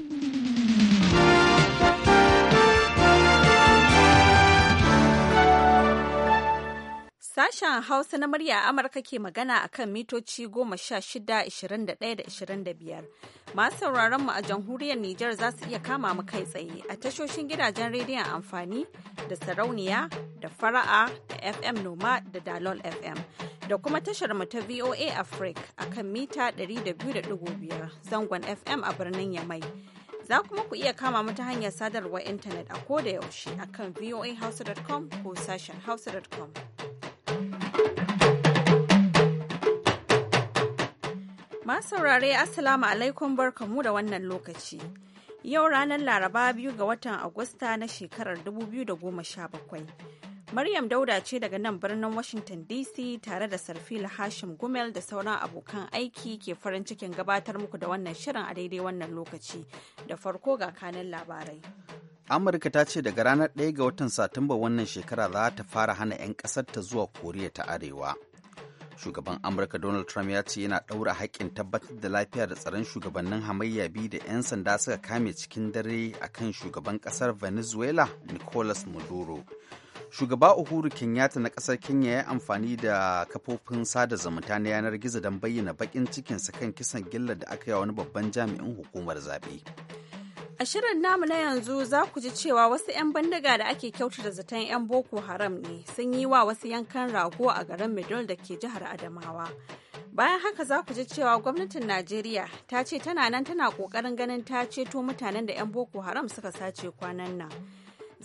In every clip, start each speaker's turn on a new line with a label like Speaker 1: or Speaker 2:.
Speaker 1: Mm-hmm. Sashen Hausa na murya a Amurka ke magana a kan mitoci 16-21-25. Masu sauraron mu a jamhuriyar Nijar za su iya kama mu kai tsaye a tashoshin gidajen rediyon amfani da sarauniya da fara'a da FM Noma da Dalol FM. Da kuma tashar mu ta VOA Africa a kan mita 200.5 zangon FM a birnin Yamai. Za kuma ku iya kama mu ta hanyar sadarwar intanet a koda yaushe a kan voahausa.com ko sashen hausa.com. Masu saurare Assalamu alaikum barkamu da wannan lokaci. Yau ranar Laraba biyu ga watan Agusta na shekarar 2017. Maryam Dauda ce daga nan birnin Washington DC tare da sarfil Hashim Gumel da sauran abokan aiki ke farin cikin gabatar muku da wannan shirin a daidai wannan lokaci. Da farko ga kanin labarai.
Speaker 2: Amurka ta ce daga ranar 1 ga watan Satumba wannan shekara za ta fara hana 'yan ƙasar ta zuwa Koriya ta Arewa. shugaban amurka donald trump ya ce yana ɗaura haƙƙin tabbatar da lafiya da tsaron shugabannin hamayya biyu da 'yan sanda suka kame cikin dare a kan shugaban ƙasar venezuela nicolas maduro shugaba uhuru kenyatta na ƙasar kenya ya amfani da kafofin sada zumunta na yanar gizo don bayyana baƙin cikinsa kan kisan gillar da aka yi wani babban jami'in hukumar zaɓe
Speaker 1: A shirin namu na yanzu za ku ji cewa wasu 'yan bandaga da ake da zaton 'yan Boko Haram ne sun yi wa wasu yankan rago a garin Midol da ke jihar Adamawa. Bayan haka za ku ji cewa gwamnatin Najeriya ta ce tana nan tana ƙoƙarin ganin ta ceto mutanen da 'yan Boko Haram suka sace kwanan nan.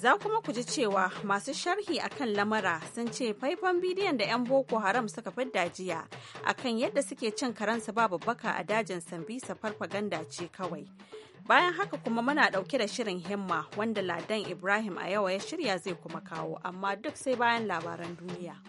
Speaker 1: Za kuma ku ji cewa masu sharhi akan lamara sun ce faifan bidiyon da 'yan Boko Haram suka fidda jiya akan yadda suke cin karansu babu baka a dajin Sambisa farfaganda ce kawai. Bayan haka kuma muna ɗauke da shirin himma wanda Ladan Ibrahim a yawa ya shirya zai kuma kawo amma duk sai bayan labaran duniya.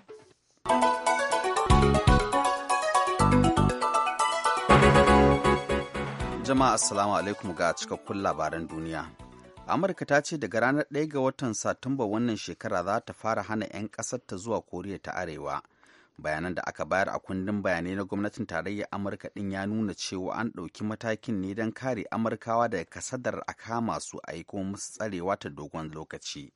Speaker 2: Jama'a Assalamu alaikum ga cikakkun labaran duniya. amurka ta ce daga ranar 1 ga watan satumba wannan shekara za ta fara hana 'yan ƙasar ta zuwa koriya ta arewa bayanan da aka bayar a kundin bayanai na gwamnatin tarayyar amurka din ya nuna cewa an ɗauki matakin ne don kare amurkawa daga kasadar a kama su aiko yi musu tsarewa ta dogon lokaci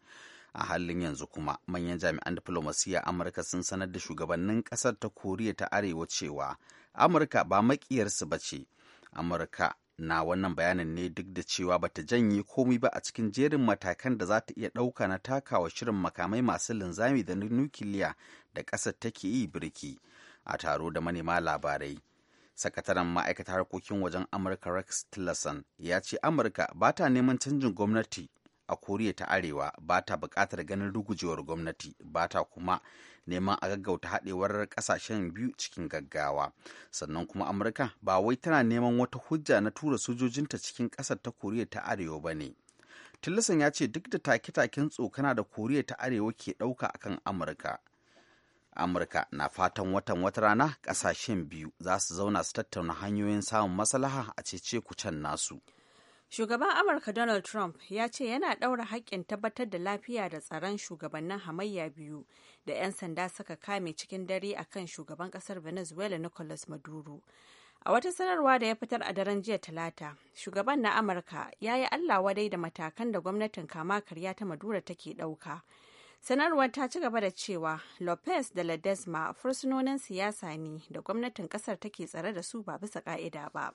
Speaker 2: a halin yanzu kuma manyan jami'an diplomasiyya amurka sun sanar da shugabannin kasar ta koriya ta arewa cewa amurka ba makiyarsu ba ce amurka na wannan bayanin ne duk da cewa bata janye komai ba a cikin jerin matakan da za ta iya ɗauka na takawa shirin makamai masu linzami da nukiliya da ƙasar take yi birki a taro da manema labarai sakataren ma'aikatar harkokin wajen amurka rex tillerson ya ce amurka ba ta neman canjin gwamnati a koriya ta arewa ba ta buƙatar ganin rugujewar gwamnati ba ta kuma neman a gaggauta haɗewar ƙasashen biyu cikin gaggawa sannan kuma amurka ba wai tana neman wata hujja na tura sojojinta cikin ƙasar ta koriya ta arewa ba ne tillerson ya ce duk da take-taken tsokana da koriya ta arewa ke ɗauka akan amurka amurka na fatan watan wata rana ƙasashen biyu za su zauna su tattauna hanyoyin samun maslaha a cece nasu
Speaker 1: Shugaban Amurka Donald Trump ya ce yana ɗaura haƙƙin tabbatar da lafiya da tsaron shugabannin hamayya biyu da 'yan sanda suka kame cikin dare a kan shugaban ƙasar Venezuela Nicolas Maduro. A wata sanarwa da ya fitar a daren jiya Talata, shugaban na Amurka ya yi Allah wadai da matakan da gwamnatin kama karya ta Maduro take ɗauka. sanarwar ta ci gaba da cewa lopez da ledesma fursunonin siyasa ne da gwamnatin ƙasar take tsare da su ba bisa ƙa'ida ba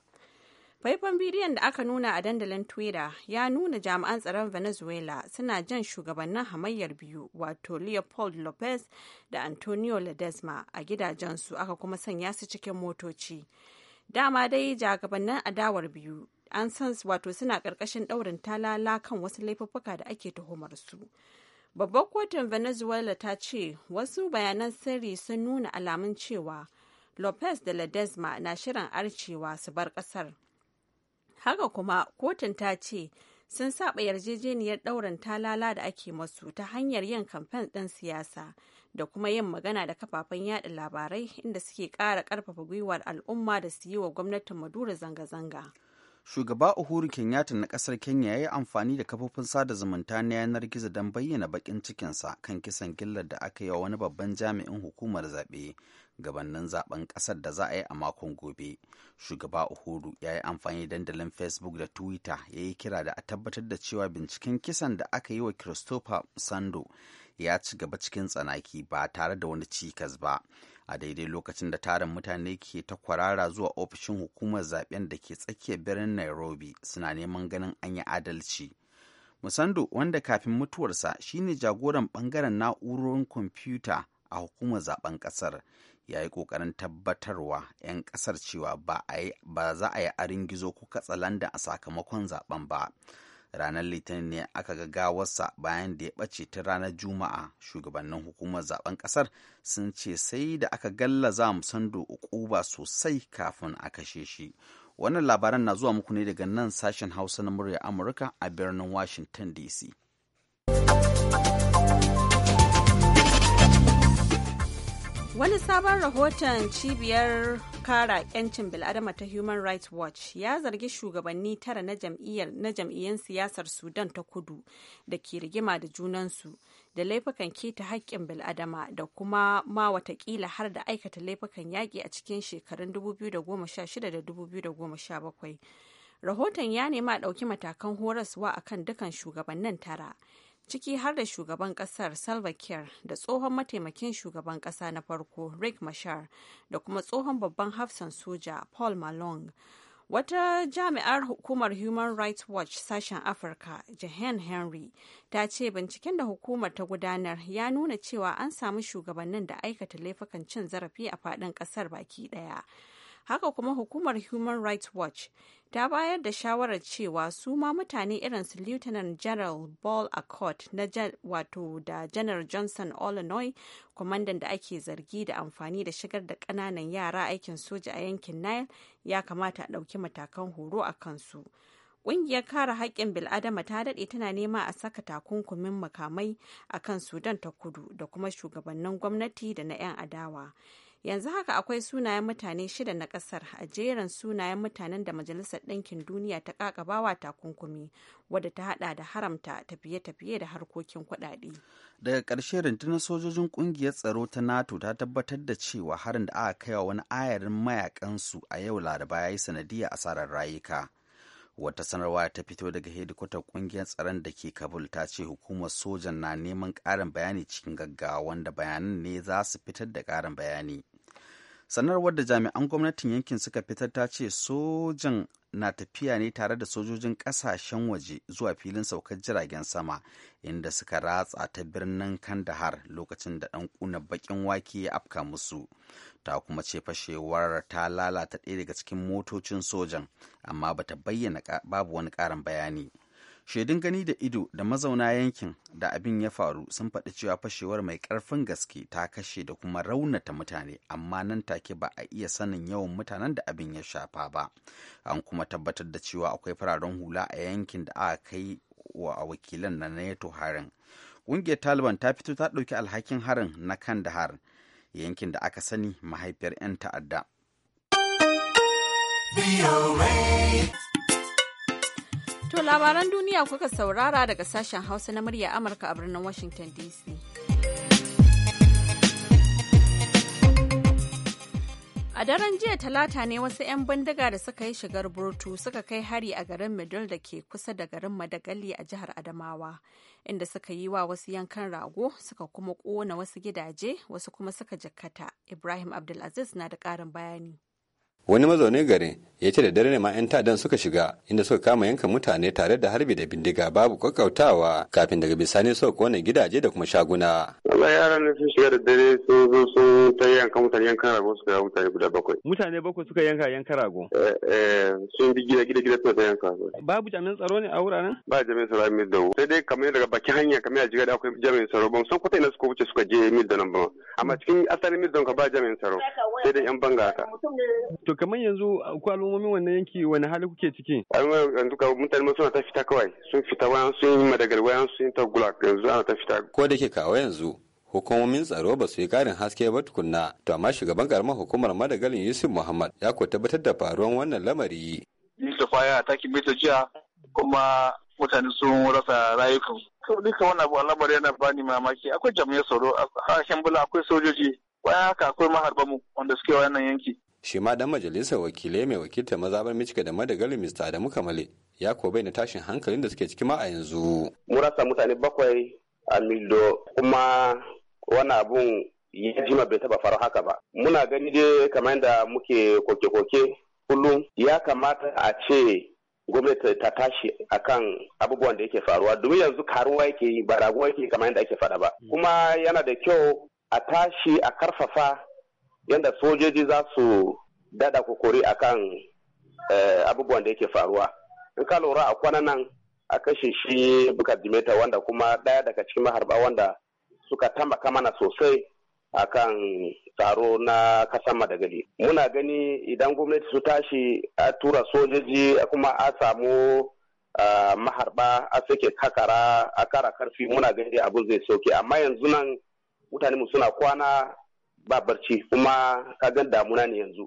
Speaker 1: faifan bidiyon da aka nuna a dandalin twitter ya nuna jami'an tsaron venezuela suna jan shugabannin hamayyar biyu wato leopold lopez da antonio ledesma a gidajensu aka kuma sanya su cikin motoci dama dai jagabannin adawar biyu an san wato suna ƙarƙashin ɗaurin talala kan wasu laifuffuka da ake tuhumar su babbar kotun venezuela ta ce wasu bayanan sirri sun nuna alamun cewa lopez da ledesma na shirin arcewa su bar ƙasar haka kuma kotun ta ce sun saba yarjejeniyar ɗaurin talala da ake masu ta hanyar yin kamfen ɗin siyasa da kuma yin magana da kafafen yada labarai inda suke ƙara ƙarfafa gwiwar al'umma da su yi wa gwamnatin madura zanga-zanga
Speaker 2: shugaba uhuru kenyatta na ƙasar kenya ya yi amfani da kafofin sada zumunta na yanar gizo don bayyana baƙin cikinsa kan kisan gillar da aka yi wa wani babban jami'in hukumar zaɓe Gabannin zaben kasar da za a yi a makon gobe shugaba uhuru ya yi amfani dandalin facebook da twitter ya yi kira da a tabbatar da cewa binciken kisan da aka yi wa christopher sando ya ci gaba cikin tsanaki ba tare da wani cikas ba a daidai lokacin da tarin mutane ke ta kwarara zuwa ofishin hukumar zaben da ke tsakiyar birnin nairobi suna neman ganin an yi adalci musando wanda kafin mutuwarsa shine jagoran bangaren na'urorin kwamfuta a hukumar zaben kasar ya yi ƙoƙarin tabbatarwa 'yan ƙasar cewa ba za a yi arin gizo ko katsalandan a sakamakon zaben ba ranar litinin ne aka ga gawarsa bayan da ya ɓace ta ranar juma'a shugabannin hukumar zaben ƙasar sun ce sai da aka galla za mu san ba sosai kafin a kashe shi wannan labaran na zuwa muku ne daga nan sashen hausa na murya amurka a birnin washington dc
Speaker 1: Wani sabon rahoton cibiyar kara 'yancin bil'adama ta Human Rights Watch ya zargi shugabanni tara na jam'iyyar na jam'iyyar siyasar Sudan ta kudu da ke rigima da junansu da laifukan keta haƙƙin bil'adama da kuma ma watakila har da aikata laifukan yaƙi a cikin shekarun 2016 da 2017. Rahoton ya nema ɗauki matakan horaswa akan dukan shugabannin tara. ciki har da shugaban kasar Salva Kiir da tsohon mataimakin shugaban kasa na farko Rick Mashar da kuma tsohon babban hafsan soja Paul Malong. Wata jami'ar hukumar Human Rights Watch sashen Afirka, Jahan Henry, ta ce binciken da hukumar ta gudanar ya nuna cewa an samu shugabannin da aikata laifukan cin zarafi a faɗin ƙasar baki ɗaya. haka kuma hukumar human rights watch ta bayar da shawarar cewa su ma mutane irin su lieutenant general ball accord na wato da janar johnson illinois kwamandan da ake zargi da amfani da shigar da kananan yara aikin soja a yankin nile ya kamata a ɗauki matakan horo a kansu Ƙungiyar kare haƙƙin bil'adama ta daɗe tana nema a saka takunkumin makamai a kan Sudan ta kudu da kuma shugabannin gwamnati da na 'yan adawa. yanzu haka akwai sunayen mutane shida na kasar a jerin sunayen mutanen da majalisar ɗinkin duniya ta kakabawa takunkumi wadda ta hada da haramta tafiye-tafiye da harkokin kuɗaɗe
Speaker 2: daga ƙarshe rundunar sojojin ƙungiyar tsaro ta nato ta tabbatar da cewa harin da aka kaiwa wani ayarin mayakansu a yau laraba ya yi sanadiyar asarar rayuka wata sanarwa ta fito daga hedikwatar kungiyar tsaron da ke kabul ta ce hukumar sojan na neman ƙarin bayani cikin gaggawa wanda bayanan ne za su fitar da ƙarin bayani sanarwar da jami'an gwamnatin yankin suka fitar ta ce sojan na tafiya ne tare da sojojin kasashen waje zuwa filin saukar jiragen sama inda suka ratsa ta birnin kandahar lokacin da ɗan kuna bakin wake ya afka musu ta kuma ce fashewar ta lalata ɗaya daga cikin motocin sojan amma bata bayyana babu wani ƙarin bayani shaidun gani da ido da mazauna yankin da abin ya faru sun faɗi cewa fashewar mai ƙarfin gaske ta kashe da kuma raunata mutane amma nan take ba a iya sanin yawan mutanen da abin ya shafa ba an kuma tabbatar da cewa akwai fararen hula a yankin da aka kai wa wakilan na neto harin ƙungiyar taliban ta fito ta ɗauki alhakin harin na kan kandahar yankin da aka sani mahaifiyar 'yan ta'adda
Speaker 1: To labaran duniya kuka saurara daga sashen Hausa na murya Amurka a birnin Washington DC. A daren jiya talata ne wasu 'yan bindiga da suka yi shigar burtu suka kai hari a garin Midul da ke kusa da garin Madagali a jihar Adamawa, inda suka yi wa wasu yankan rago suka kuma kona wasu gidaje wasu kuma suka jikkata. Ibrahim Abdulaziz na da ƙarin bayani.
Speaker 3: wani mazaunin garin ya ce da dare ne ma 'yan ta'addan suka shiga inda suka kama yanka mutane tare da harbi da bindiga babu kwakkautawa kafin daga bisani suka kone gidaje da kuma shaguna.
Speaker 4: Wala yaran ne sun shiga da dare sun zo sun ta yanka mutane yankan rago suka yanka mutane guda bakwai.
Speaker 3: Mutane bakwai suka yanka yankan rago.
Speaker 4: Eh, eh, sun bi gida gida gida suka yanka.
Speaker 3: Babu jami'an tsaro ne a wuraren?
Speaker 4: Ba jami'an tsaro mil da sai dai kamar daga bakin hanya kamar a jiga da akwai jami'an tsaro ban san kwata ina suka wuce suka je mil da nan ba amma cikin asalin mil ka ba jami'an tsaro sai dai 'yan banga haka.
Speaker 3: To kamar yanzu ku al'ummomin wannan yanki wani hali kuke ciki al'ummomin
Speaker 4: yanzu ka mutane suna ta fita kawai sun fita wayan sun yi madagal wayan sun ta gulag yanzu ana ta fita
Speaker 3: ko da ke kawo yanzu hukumomin tsaro ba su yi karin haske ba tukunna to amma shugaban karamar hukumar madagalin yusuf muhammad ya ko tabbatar da faruwan wannan lamari
Speaker 5: yusuf ya ataki mita jiya
Speaker 4: kuma mutane sun rasa rayukan to duka wannan abu al'amari yana bani mamaki akwai jami'an tsaro a harshen bula akwai sojoji bayan haka akwai maharba mu wanda suke wannan yanki
Speaker 3: shi ma dan majalisar wakilai mai wakiltar mazabar michika da madagali mr adamu kamale ya ko na tashin hankalin da suke ciki ma a yanzu mu
Speaker 4: rasa mutane bakwai a mildo kuma wani abun ya jima bai taba faru haka ba muna gani dai kamar yadda muke koke-koke kullum ya kamata a ce gwamnati ta tashi akan abubuwan da yake faruwa domin yanzu karuwa yake yi ba raguwa yake kamar yadda ake faɗa ba kuma yana da kyau a tashi a karfafa yadda sojoji za su dada kokori a kan eh, abubuwan da yake faruwa in ka lura a kwana nan a kashe shi buka dimeta wanda kuma daya daga cikin maharba wanda suka tambaka mana sosai a kan tsaro na kasan madagali muna gani idan gwamnati su tashi a tura sojoji kuma a samu eh, maharba a sake kakara a kara karfi muna gani abu zai sauke amma yanzu nan mutane mu suna kwana ba barci kuma ka kagan damuna ne yanzu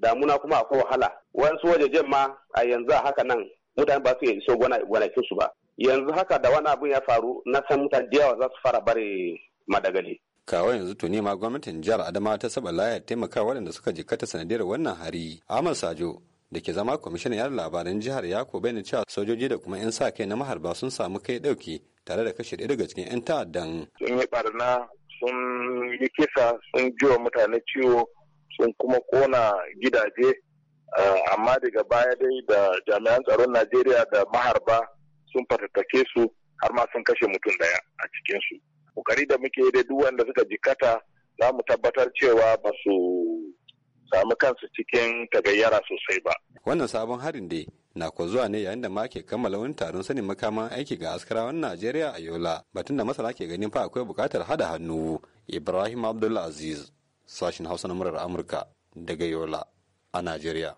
Speaker 4: damuna kuma akwai wahala wasu wajejen ma a yanzu a haka nan mutane ba su iya iso gwanakin su ba yanzu haka da wani abin ya faru na san mutane da yawa za su fara bare
Speaker 3: madagali kawai yanzu tuni ma gwamnatin jihar adama ta saba layar taimaka waɗanda suka jikkata sanadiyar wannan hari amal sajo da ke zama kwamishinan yar labaran jihar yako bayyana cewa sojoji da kuma 'yan sa kai na maharba sun samu kai dauki tare da kashe ɗaya daga cikin 'yan ta'addan. Sun yi
Speaker 4: barna sun yi kisa sun jiwa mutane ciwo sun kuma kona gidaje ah, amma daga baya dai da jami'an tsaron najeriya da maharba sun fatattake su har ma sun kashe mutum daya a cikinsu kokari da muke da duk wanda suka jikata za mu tabbatar cewa ba su sami
Speaker 3: kansu cikin tagayyara sosai ba wannan sabon harin dai na ko zuwa ne yayin da ma ke kammala wani taron sanin makaman aiki ga askarawan Najeriya a Yola batun da masana ke ganin fa akwai bukatar hada hannu Ibrahim Abdullah Aziz sashin Hausa na murar Amurka daga Yola a Najeriya.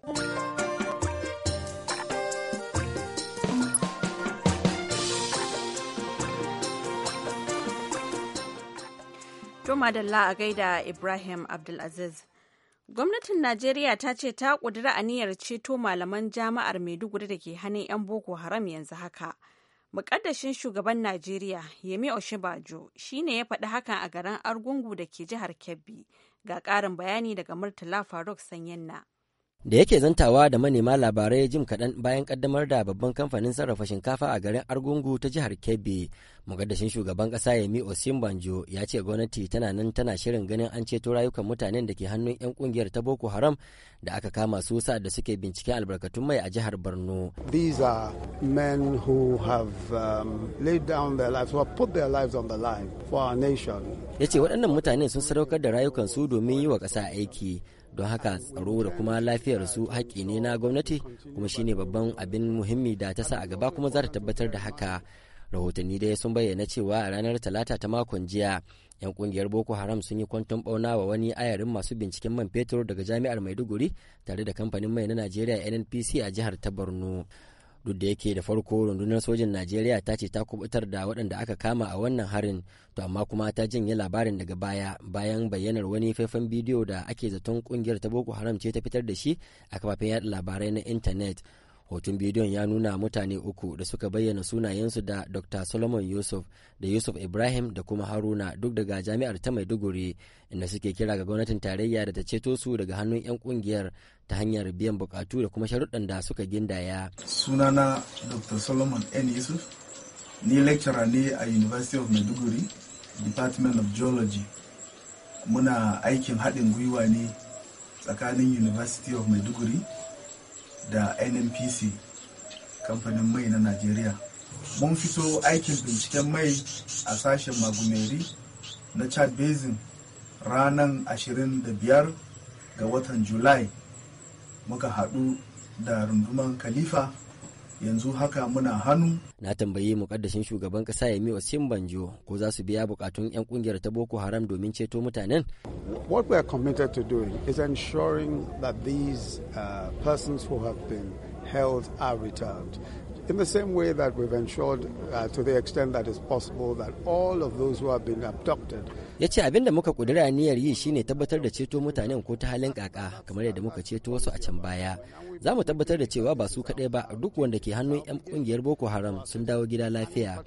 Speaker 1: Juma da a gaida Ibrahim Abdulaziz. Gwamnatin Najeriya ta ce ta a aniyar ceto malaman Jama'ar Maiduguri da ke hannun 'yan Boko Haram yanzu haka. Muƙaddashin shugaban Najeriya, Yemi Oshibajo, shi ne ya faɗi hakan a garin Argungu da ke jihar Kebbi. Ga ƙarin bayani daga Murtala Faruk Sanyenna.
Speaker 6: da yake zantawa da manema labarai jim kaɗan bayan ƙaddamar da babban kamfanin sarrafa shinkafa a garin argungu ta jihar kebbi mugaddashin shugaban ƙasa yemi osimbanjo ya ce gwamnati tana nan tana shirin ganin an ceto rayukan mutanen da ke hannun 'yan kungiyar ta boko haram da aka kama su sa da suke binciken albarkatun mai a jihar borno these are
Speaker 4: men who have um, down their lives nation
Speaker 6: ya ce waɗannan mutanen sun sadaukar da rayukansu domin yi wa ƙasa aiki don haka tsaro da kuma lafiyar su haƙƙi ne na gwamnati kuma shine babban abin muhimmi da ta sa a gaba kuma za ta tabbatar da haka rahotanni dai sun bayyana cewa a ranar talata ta makon jiya yan kungiyar boko haram sun yi kwanton bauna wa wani ayarin masu binciken man fetur daga jami'ar maiduguri tare da kamfanin mai na najeriya nnpc a jihar ta borno duk da yake da farko rundunar sojin najeriya ta ce ta kubutar da waɗanda aka kama a wannan harin to amma kuma ta janye labarin daga baya bayan bayyanar wani faifan bidiyo da ake zaton kungiyar ta boko haram ce ta fitar da shi a kafafen yaɗa labarai na intanet hoton bidiyon ya nuna mutane uku da suka bayyana sunayensu da dr solomon yusuf da yusuf ibrahim da kuma haruna duk daga jami'ar ta maiduguri inda suke kira ga gwamnatin tarayya da ta ceto su daga hannun 'yan kungiyar ta hanyar biyan bukatu da kuma sharuɗan da suka gindaya sunana
Speaker 3: dr
Speaker 7: solomon n yusuf ni lecturer ne a university of maiduguri department of geology muna aikin haɗin gwiwa ne tsakanin university of maiduguri da nnpc kamfanin mai na najeriya mun fito aikin binciken mai a sashen magumeri na chad basin ranar 25 ga watan julai muka haɗu da runduman khalifa yanzu haka
Speaker 6: muna hannu. Na tambayi mukaddashin shugaban kasa Yemi Osinbanjo ko za su biya bukatun 'yan kungiyar ta Boko Haram domin ceto mutanen. What we are committed to doing is ensuring that these uh, persons who have been held are returned. In the
Speaker 4: same way that we've ensured, uh, to the extent that is possible, that all of those who have been abducted
Speaker 6: ya ce abin da muka kudura niyyar yi shine tabbatar da ceto mutanen ko ta halin kaka kamar yadda muka ceto wasu a can baya za mu tabbatar da cewa ba su kaɗai ba duk wanda ke hannun 'yan kungiyar boko haram sun dawo gida lafiya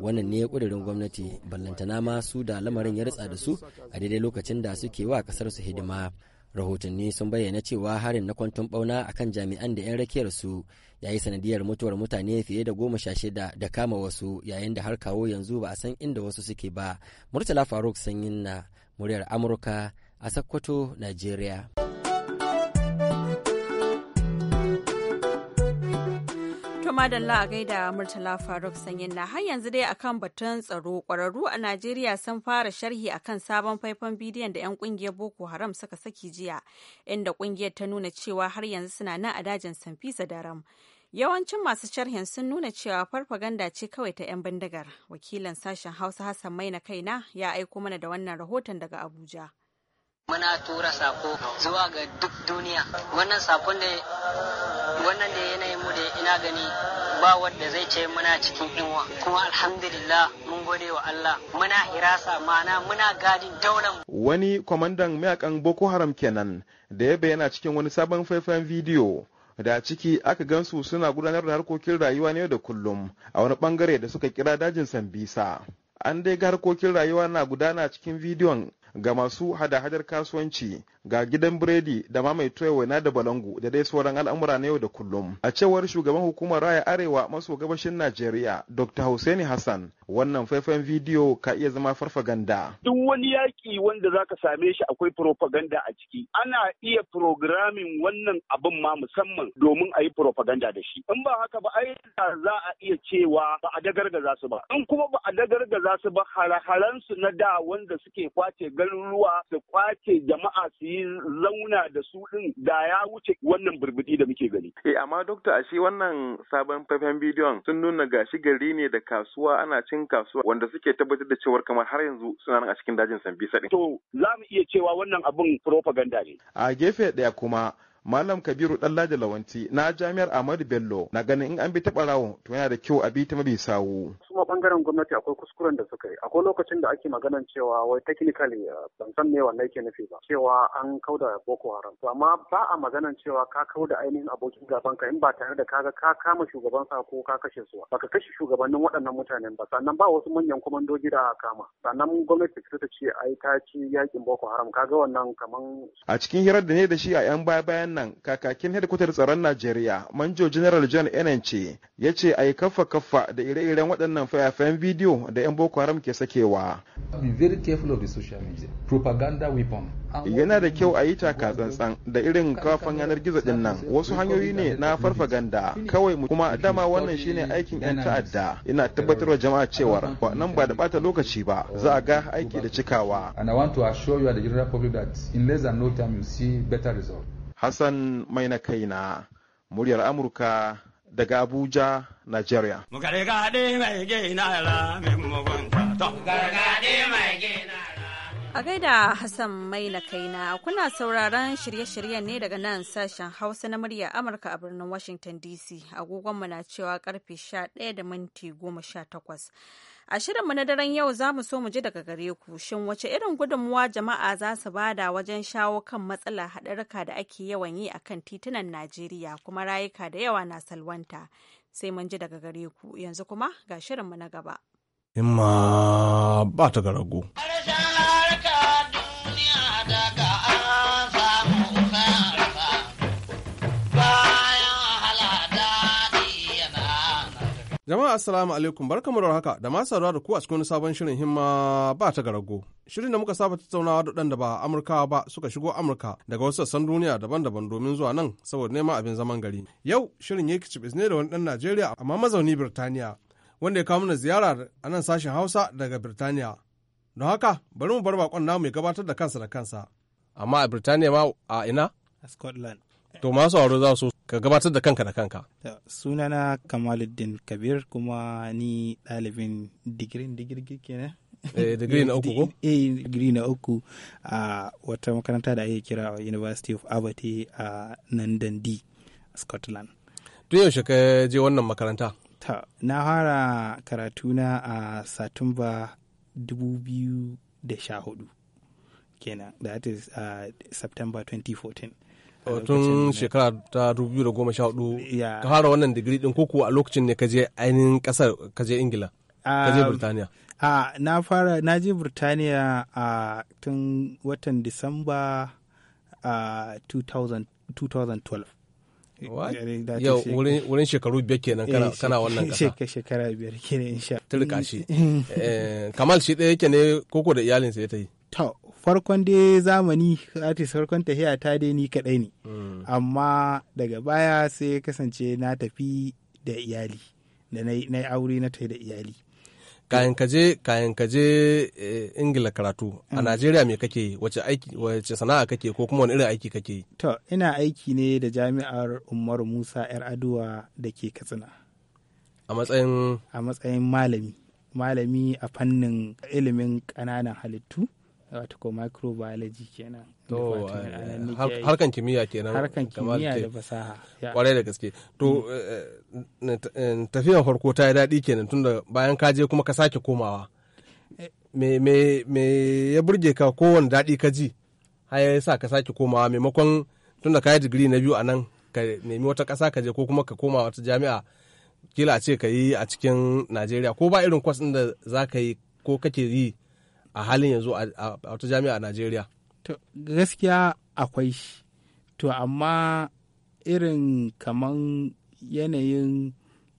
Speaker 6: wannan ne ya kudurin gwamnati ballantana ma su da lamarin ya ritsa da su a daidai lokacin da suke wa kasar su hidima rahotanni sun bayyana cewa harin na kwantun bauna akan jami'an da 'yan rakiyar su ya yi sanadiyar mutuwar mutane fiye da goma sha shida da kama wasu yayin da har kawo yanzu ba a san inda wasu suke ba murtala faruk sanyin na muryar amurka a sakkwato nigeria
Speaker 1: madalla a gaida Murtala Faruk Sanyin na har yanzu dai akan batun tsaro kwararru a Najeriya sun fara sharhi akan sabon faifan bidiyon da 'yan kungiyar Boko Haram suka saki jiya inda kungiyar ta nuna cewa har yanzu suna nan a dajin Sanfisa Daram. Yawancin masu sharhin sun nuna cewa farfaganda ce kawai ta 'yan bindigar. Wakilan sashen Hausa Hassan Maina kaina ya aiko mana da wannan rahoton daga Abuja.
Speaker 6: Muna tura sako zuwa ga duk duniya. Wannan sakon ne wannan da yanayin mu da ina gani ba wanda zai ce muna cikin inwa kuma alhamdulillah mun gode wa Allah muna hirasa mana
Speaker 8: muna gadin daular
Speaker 9: wani kwamandan mayakan Boko Haram kenan da ya bayyana cikin wani sabon faifan bidiyo da ciki aka gansu suna gudanar da harkokin rayuwa ne da kullum a wani bangare da suka kira dajin Sambisa an dai ga harkokin rayuwa na gudana cikin bidiyon ga masu hada-hadar kasuwanci ga gidan biredi da ma mai waina da balangu da dai sauran al'amura na yau da kullum a cewar shugaban hukumar raya arewa maso gabashin najeriya dr hussaini hassan wannan faifan bidiyo ka iya zama farfaganda
Speaker 4: duk wani yaƙi wanda zaka same shi akwai propaganda a ciki ana iya programming wannan abin ma musamman domin a yi propaganda da shi in ba haka ba ai za a iya cewa ba a dagargaza su ba in kuma ba a dagar dagargaza su ba hare-haren na da wanda suke kwace garuruwa su kwace jama'a su yi launa da su din da ya wuce wannan birbidi da muke gani. Eh
Speaker 9: amma dokta ashe wannan sabon faifan bidiyon sun nuna gashi gari ne da kasuwa ana cin kasuwa wanda suke tabbatar da cewar kamar har yanzu suna nan a cikin dajin Sambisa din. To za mu iya cewa wannan abun propaganda ne. A gefe ɗaya kuma Malam Kabiru Dallaji Lawanci, na Jami'ar Ahmadu Bello na ganin in an bi ta barawo to yana da kyau a bi ta mabi sawu. Kuma bangaren gwamnati akwai kuskuren da suka yi. Akwai lokacin da ake maganan cewa wai technically eh, ban san me wannan yake nufi ba. Cewa an kauda Boko Haram. To amma ba a maganan cewa ka kauda ainihin abokin gaban ka in ba tare da kaga ka kama shugaban sa ko ka kashe su ba. Baka kashe shugabannin waɗannan mutanen ba. Sannan ba wasu manyan kwamandoji da kama. Sannan gwamnati ta ce ai ta ci yakin Boko Haram. Kaga wannan kaman. A cikin hirar da ne da shi a 'yan baya bayan nan kakakin hedkwatar tsaron Najeriya Manjo General John Enenche ya ce a yi kaffa kaffa da ire-iren waɗannan fayafayen bidiyo da 'yan Boko Haram ke sakewa. Yana da kyau a yi taka tsantsan da irin kafan yanar gizo ɗin nan wasu hanyoyi ne na farfaganda kawai kuma dama wannan shine aikin 'yan ta'adda ina tabbatar wa jama'a cewa, ba nan ba da bata lokaci ba za a ga aiki da cikawa. And I want to assure you the general better results. Hassan mai na kaina muryar Amurka daga Abuja, Nigeria.
Speaker 1: A gaida Hassan mai na kaina kuna sauraron shirye-shiryen ne daga nan sashen Hausa na muryar Amurka a birnin Washington DC. Agogonmu na cewa karfe 11 da minti 18. A shirinmu na daren yau za mu so mu ji daga gare ku shin wace irin gudunmuwa jama'a za su bada wajen shawo kan matsalar haɗarka da ake yawan yi a kan titunan Najeriya kuma rayuka da yawa na salwanta. Sai mun ji daga gare ku yanzu kuma ga shirinmu na gaba.
Speaker 5: Himma ba ta Jama'a assalamu alaikum barkamu da haka da ma saurara da ku a cikin sabon shirin himma ba ta garago. Shirin da muka saba tattaunawa da ɗan da ba amurka ba suka shigo Amurka daga wasu sassan duniya daban-daban domin zuwa nan saboda neman abin zaman gari. Yau shirin yake cibis ne da wani ɗan Najeriya amma mazauni Birtaniya wanda ya kawo mana ziyara a nan sashen Hausa daga Birtaniya. Don haka bari mu bar bakon namu ya gabatar da kansa da kansa. Amma a Birtaniya ma a ina? Scotland. To masu aure za su ka gabatar da kanka da kanka. Sunana Kamaluddin
Speaker 7: Kabir kuma ni ɗalibin digirin digirgir kenan. Eh, digiri na uku ko? Eh, digiri na uku a wata makaranta da ake kira University of Abate a nan Dundee, Scotland.
Speaker 5: Tun yaushe ka je wannan makaranta? Ta,
Speaker 7: na fara karatuna a Satumba 2014 kenan, that is uh, September 2014. Oh, tun
Speaker 5: shekara ta 2014 ka fara wannan digiri din koko a lokacin ne ka je ainihin kasar ka je ingila ka je um, burtaniya
Speaker 7: a na fara na je burtaniya a tun watan disamba a
Speaker 5: 2012
Speaker 7: yau wurin shekaru
Speaker 5: biyar kenan kana eh, wannan kasa
Speaker 7: shekara biyar kenan insha
Speaker 5: shi eh, kamal shi ɗaya yake ne koko da iyalinsa ya ta yi
Speaker 7: ta farkon dai zamani artist farkon tafiya ta dai ni kadai ne, hmm. amma daga baya sai kasance na tafi da iyali, da na yi aure na tafi da iyali.
Speaker 5: Kayan kaje, kayan kaje eh, Ingila karatu, a hmm. Najeriya me kake wace aiki wace sana'a kake ko kuma wani irin aiki kake? To,
Speaker 7: ina aiki ne da jami'ar Umar Musa 'yar Aduwa da ke Katsina. A matsayin? A matsayin malami. Malami a fannin ilimin ƙananan halittu. wato ko microbiology kenan to eh, harkan kimiyya kenan harkan kimiyya da fasaha kwarai da gaske to
Speaker 5: mm. eh, eh, tafiyan farko ta yi daɗi kenan tunda bayan ka je kuma ka sake komawa me ya burge ka kowane daɗi ka ji har ya sa ka sake komawa maimakon tunda ka yi digiri na biyu a nan ka nemi wata kasa ka je ko kuma ka koma wata jami'a kila a ce ka yi a cikin najeriya ko ba irin kwas ɗin da za ka yi ko kake yi a halin yanzu a wata jami'a a najeriya
Speaker 7: gaskiya akwai shi to amma irin kaman yanayin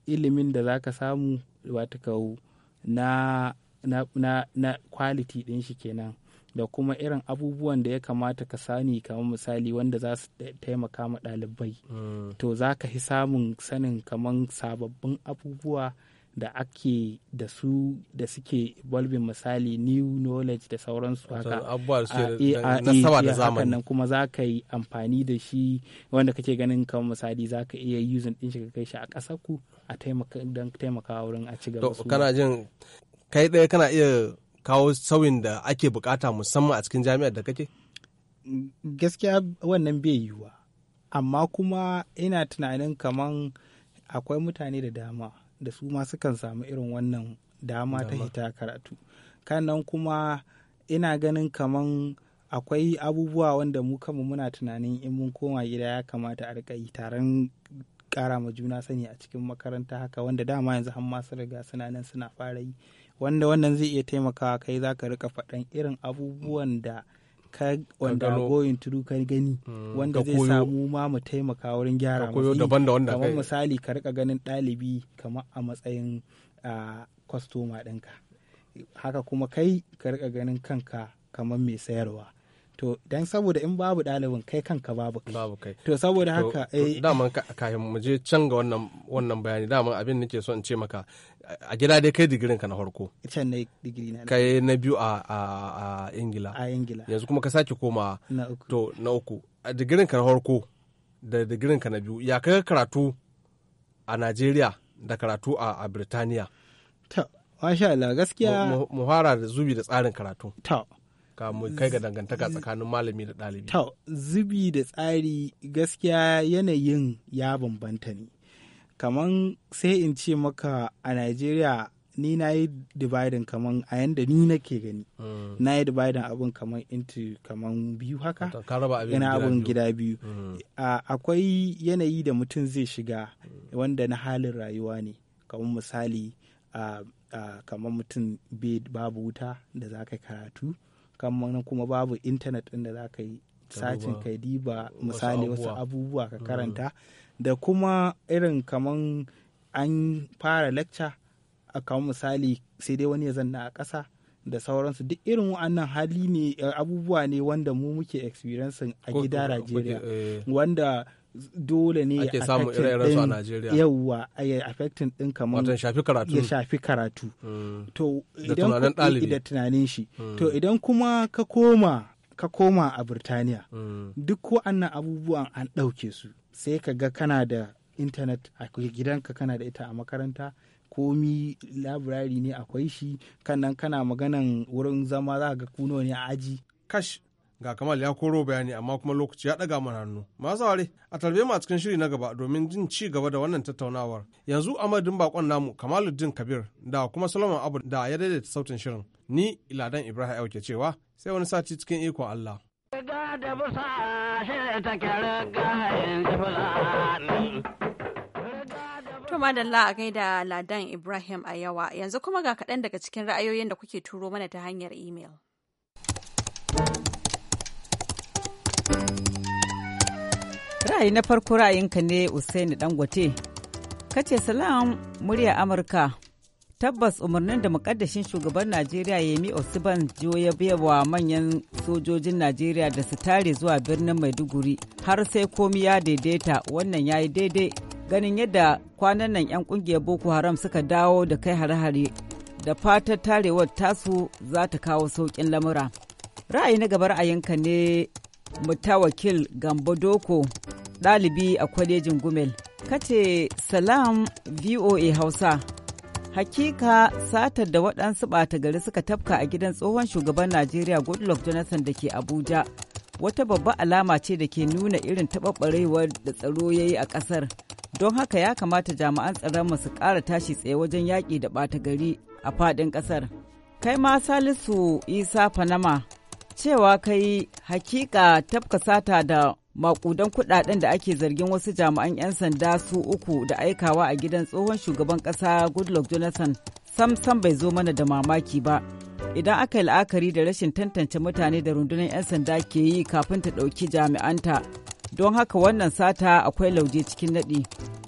Speaker 7: ilimin da za ka samu wata kawo na na, na, na quality ɗin shi kenan da kuma irin abubuwan da ya kamata ka sani kamar misali wanda za su taimaka ma ɗalibai mm. to za ka fi samun sanin kamar sababbin abubuwa da ake da su da suke balbin misali new knowledge da sauransu haka a nasaba da eh, eh, zamani nan kuma za ka yi amfani da shi wanda kake ganin kan misali za ka iya yuzin din shi kai shi a kasaku a taimaka don
Speaker 5: taimakawa wurin a ci gaba kana jin kai ɗaya kana iya kawo sauyin da ake bukata musamman a cikin jami'ar da kake gaskiya wannan bai yiwuwa
Speaker 7: amma kuma ina tunanin kaman akwai mutane da dama da su ma sukan samu irin wannan dama ta hita karatu kannan kuma ina ganin kaman akwai abubuwa wanda mu kama muna tunanin in mun koma gida ya kamata a rika yi taron kara ma juna sani a cikin makaranta haka wanda dama yanzu har masu riga suna nan suna fara yi wanda wannan zai iya taimakawa kai za ka rika faɗan irin abubuwan da ka wanda going through ka gani mm, wanda zai samu ma mu taimaka wurin gyara kamar misali ka rika ganin ɗalibi kamar a matsayin kwastoma ɗinka haka kuma kai ka rika ganin kanka kamar mai sayarwa to dan saboda in babu ɗalibin kai kanka babu kai babu kai to saboda haka eh
Speaker 5: daman kafin mu je can ga wannan wannan bayani daman abin nake so in ce maka a gida dai kai digirin ka na farko can ne digiri na kai na biyu a a ingila a ingila yanzu kuma ka sake koma na uku to na uku a digirin ka na farko da digirin ka na biyu ya kai karatu a Najeriya da karatu a a Birtaniya to masha Allah gaskiya muhara da zubi da tsarin karatu to kamun kai ga dangantaka tsakanin malami da ɗalibi. To, zubi da tsari
Speaker 7: gaskiya yanayin ya bambanta ne. Kaman sai in ce maka a Najeriya ni na yi dividin kaman a yanda ni nake gani.
Speaker 2: Mm. Na yi
Speaker 7: dividin abin kaman into kaman biyu
Speaker 5: haka. Ina abin gida biyu. Mm.
Speaker 7: Akwai yanayi da mutum zai shiga wanda na halin rayuwa ne. Kaman misali kamar mutum babu wuta da za ka karatu kamar kuma babu intanet ɗin da za ka yi sacin ka diba misali wasu abubuwa ka mm. karanta da kuma irin kaman an fara lecture a kamar misali sai dai wani ya zanna a ƙasa da sauransu duk irin wannan hali ne abubuwa ne wanda mu muke experiencing a gida Najeriya eh. wanda dole ne ake samu ire a Najeriya yawwa ya affecting din kamar wato shafi karatu ya shafi karatu hmm. to idan da tunanin shi hmm. to idan kuma ka koma ka koma a Burtaniya hmm. duk wa'annan abubuwan an ɗauke su sai ka ga kana da intanet a gidanka kana da ita a makaranta komi labirari ne akwai shi kannan kana maganan wurin zama za ga kuno
Speaker 5: ne a aji kash ga kamal ya koro bayani amma kuma lokaci ya daga mana hannu masu ware a tarbe mu a cikin shiri na gaba domin jin ci gaba da wannan tattaunawar yanzu amadin bakon namu kamaluddin kabir da kuma solomon abu da ya daidaita sautin shirin ni iladan ibrahim ke cewa sai wani sati cikin ikon allah
Speaker 1: da a a gaida Ladan Ibrahim a yawa yanzu kuma ga kaɗan daga cikin ra'ayoyin da kuke turo mana ta hanyar imel.
Speaker 8: ra'ayi na farko ra'ayinka ne Usaini Dangote. Kace salam murya Amurka. Tabbas umarnin da mukaddashin shugaban Najeriya Yemi Osibanjo ya biya wa manyan sojojin Najeriya da su tare zuwa birnin Maiduguri har sai komi ya daidaita wannan ya yi daidai ganin yadda kwanan nan 'yan kungiyar Boko Haram suka dawo da kai hare-hare da fatar tarewar tasu za ta kawo saukin lamura. Ra'ayi na gaba ra'ayinka ne mutawakil Gambo Doko ɗalibi a kwalejin Gumel. Kace Salam VOA Hausa. Hakika satar da waɗansu ɓata gari suka tafka a gidan tsohon shugaban Najeriya Goodluck Jonathan da ke Abuja. Wata babba alama ce da ke nuna irin taɓaɓɓarewar da tsaro ya yi a ƙasar. Don haka ya kamata jami'an tsaron su ƙara tashi tsaye wajen yaƙi da ɓata gari a faɗin ƙasar. Kai ma Salisu Isa Fanama cewa kai hakika tafka sata da makudan kudaden da ake zargin wasu jami'an 'yan sanda su uku da aikawa a gidan tsohon shugaban kasa goodluck jonathan sam bai zo mana da mamaki ba idan aka yi la'akari da rashin tantance mutane da rundunar 'yan sanda ke yi kafin ta ɗauki jami'anta don haka wannan sata akwai lauje cikin naɗi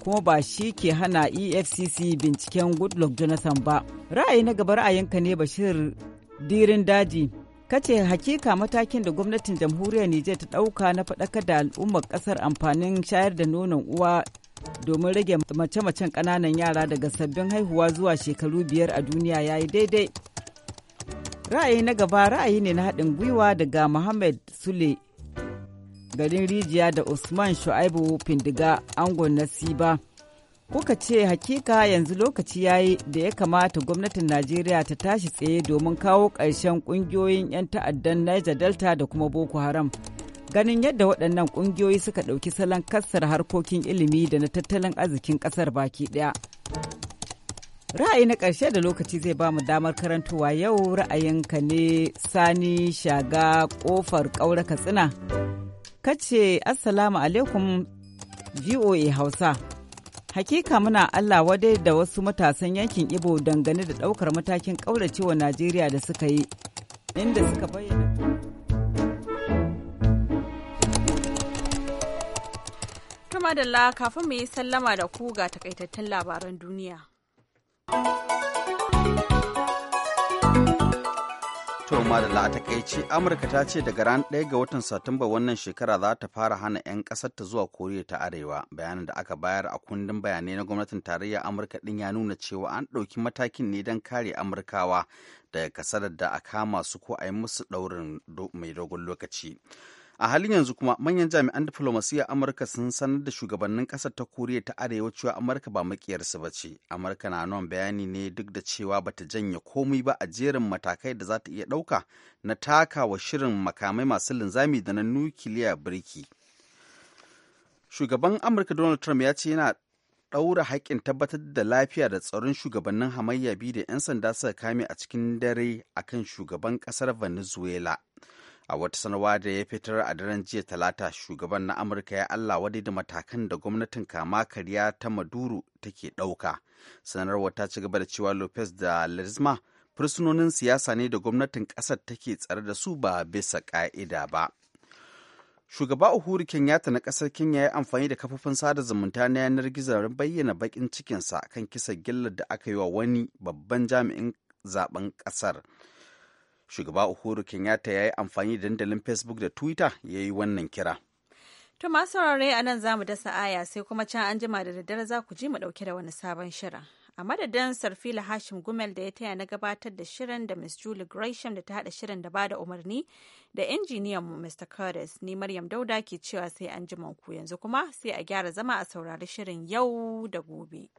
Speaker 8: kuma ba shi ke hana efcc binciken goodluck jonathan ba ra'ayi na gaba ra'ayinka ne bashir dirin daji kace hakika matakin da gwamnatin jamhuriyar Nijar ta ɗauka na faɗakar da al'ummar ƙasar amfanin shayar da nonon uwa domin rage mace-macen kananan yara daga sabbin haihuwa zuwa shekaru biyar a duniya ya yi daidai. Ra'ayi na gaba ra'ayi ne na haɗin gwiwa daga Muhammad Sule garin Rijiya da Usman Shu'aibu Findiga angon na siba. kuka ce hakika yanzu lokaci ya yi da ya kamata gwamnatin najeriya ta tashi tsaye domin kawo ƙarshen ƙungiyoyin 'yan ta'addan niger delta da kuma boko haram ganin yadda waɗannan ƙungiyoyi suka ɗauki salon kassar harkokin ilimi da na tattalin arzikin ƙasar baki ɗaya ra'ayi na ƙarshe da lokaci zai ba mu damar karantuwa yau ra'ayinka ne sani shaga ƙofar ƙaura katsina kace assalamu alaikum voa hausa Hakika muna Allah wadai da wasu matasan yankin Ibo dangane da ɗaukar matakin ƙauracewa Najeriya da suka yi, inda suka bayyana.
Speaker 1: Tuma da kafin mu yi sallama da ku ga takaitattun labaran duniya.
Speaker 2: To madalla a Amurka ta ce daga ran 1 ga watan Satumba wannan shekara za ta fara hana 'yan ƙasar ta zuwa Koriya ta Arewa. Bayanin da aka bayar a kundin bayanai na gwamnatin tarayya Amurka din ya nuna cewa an ɗauki matakin ne don kare Amurkawa daga kasarar da a kama su ko a yi musu ɗaurin mai dogon lokaci. a halin yanzu kuma manyan jami'an diflomasiyyar amurka sun sanar da shugabannin kasar ta koriya ta arewa cewa amurka ba makiyarsu ba ce amurka na nan bayani ne duk da cewa bata janye komai ba a jerin matakai da za ta iya ɗauka na taka wa shirin makamai masu linzami da na nukiliya birki shugaban amurka donald trump ya ce yana ɗaura haƙƙin tabbatar da lafiya da tsaron shugabannin hamayya biyu da 'yan sanda suka kame a cikin dare akan shugaban ƙasar venezuela a wata sanarwa da ya fitar a daren jiya talata shugaban na amurka ya allah wadai da matakan da gwamnatin kama karya ta maduro take ɗauka sanarwar ta ci gaba da cewa lopez da ledesma fursunonin siyasa ne da gwamnatin ƙasar take tsare da su ba bisa ƙa'ida ba shugaba uhuru kenyatta na ƙasar kenya ya amfani da kafofin sada zumunta na yanar gizo don bayyana baƙin cikinsa kan kisa gillar da aka yi wa wani babban jami'in zaben ƙasar shugaba uhuru kenyatta ya yi amfani da dandalin facebook da twitter ya yi wannan kira
Speaker 1: to masu saurare a nan za mu dasa aya sai kuma can an jima da daddare za ku ji mu ɗauke da wani sabon shirin a madadin sarfila hashim gumel da ya taya na gabatar da shirin da miss julie gresham da ta haɗa shirin da bada umarni da injiniyan mu mr curtis ni maryam dauda ke cewa sai an jima ku yanzu kuma sai a gyara zama a saurari shirin yau da gobe